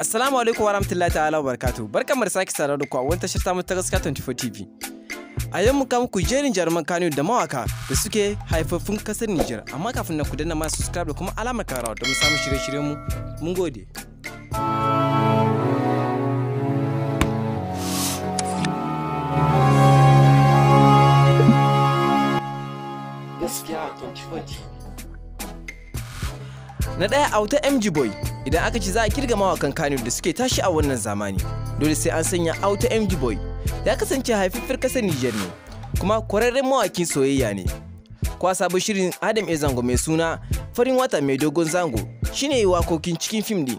Assalamu alaikum wa rahmatullahi ta'ala wa barakatu. Barkan mu da sake sauraro ku a wani tashar ta ta gaskiya 24 TV. A yau muka muku jerin jaruman kanu da mawaka da suke haifaffun kasar Nijar. Amma kafin na ku danna ma subscribe da kuma alamar karawa don samu shirye-shiryen mu. Mun gode. Gaskiya 24 TV. Na ɗaya auta MG Boy idan aka ci za a kirga mawakan kano da suke tashi a wannan zamani dole sai an sanya auta mg boy ya kasance haifaffiyar kasar niger ne kuma kwararren mawakin soyayya ne kwa sabon shirin adam e zango mai suna farin wata mai dogon zango shine wakokin cikin fim din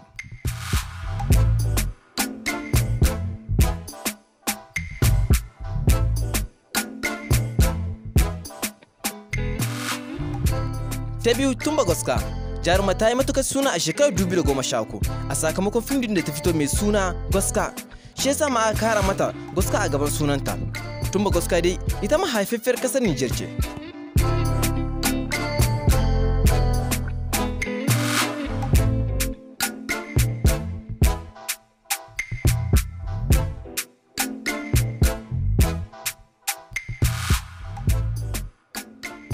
ta biyu tun goska jaruma ta yi matukar suna a shekarar 2013 a sakamakon fim da ta fito mai suna gaska shi yasa ma aka kara mata gaska a gaban sunanta tun ba gaska dai ita ma kasar Nijar ce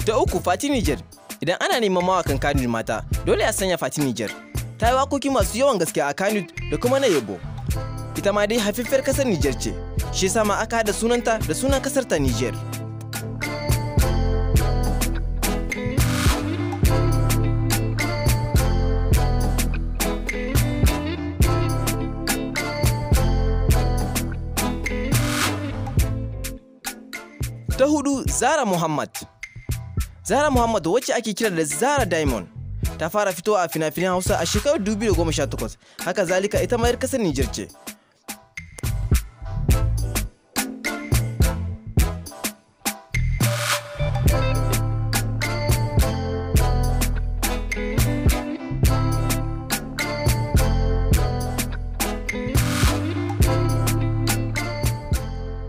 ta uku fati Nijar Idan ana neman mawakan kanun mata, dole a sanya Fati nijar Ta yi waƙoƙi masu yawan gaske a kanun da kuma na Yabo. Ita ma dai haifaffiyar kasar Niger ce, shi yasa ma aka haɗa sunanta da sunan kasar ta Niger. Ta hudu Zara Muhammad. Zara Muhammad wacce ake kira da Zara Diamond ta fara fitowa a fina-finan Hausa a shekarar 2018 haka zalika ita mayar kasar Nijar ce.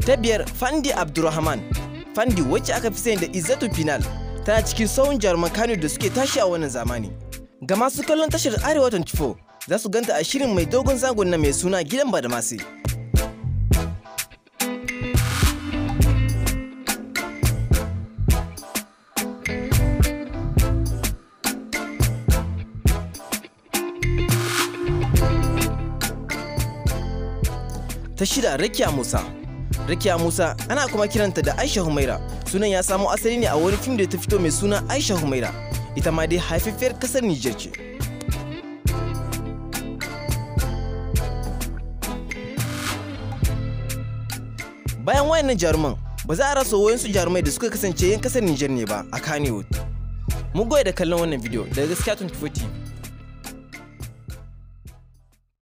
Ta biyar Fandi Abdurrahman Fandi wacce aka fi sani da Izzatu Final tana cikin sauyin jaruman kano da suke tashi a wannan zamani ga masu kallon tashar arewa 24 za su ganta a shirin mai dogon zagon na mai suna gidan badamasi ta shida rakiya musa Rikiya Musa ana kuma kiranta da Aisha Humaira sunan ya samo asali ne a wani fim da ta fito mai suna Aisha Humaira ita ma dai haifaffiyar kasar Nijar ce. Bayan wayannan jaruman ba za a rasa su jarumai da suka kasance yin kasar Nijar ne ba a Kanewood. Mu goya da kallon wannan bidiyo daga gaskiya 24 TV.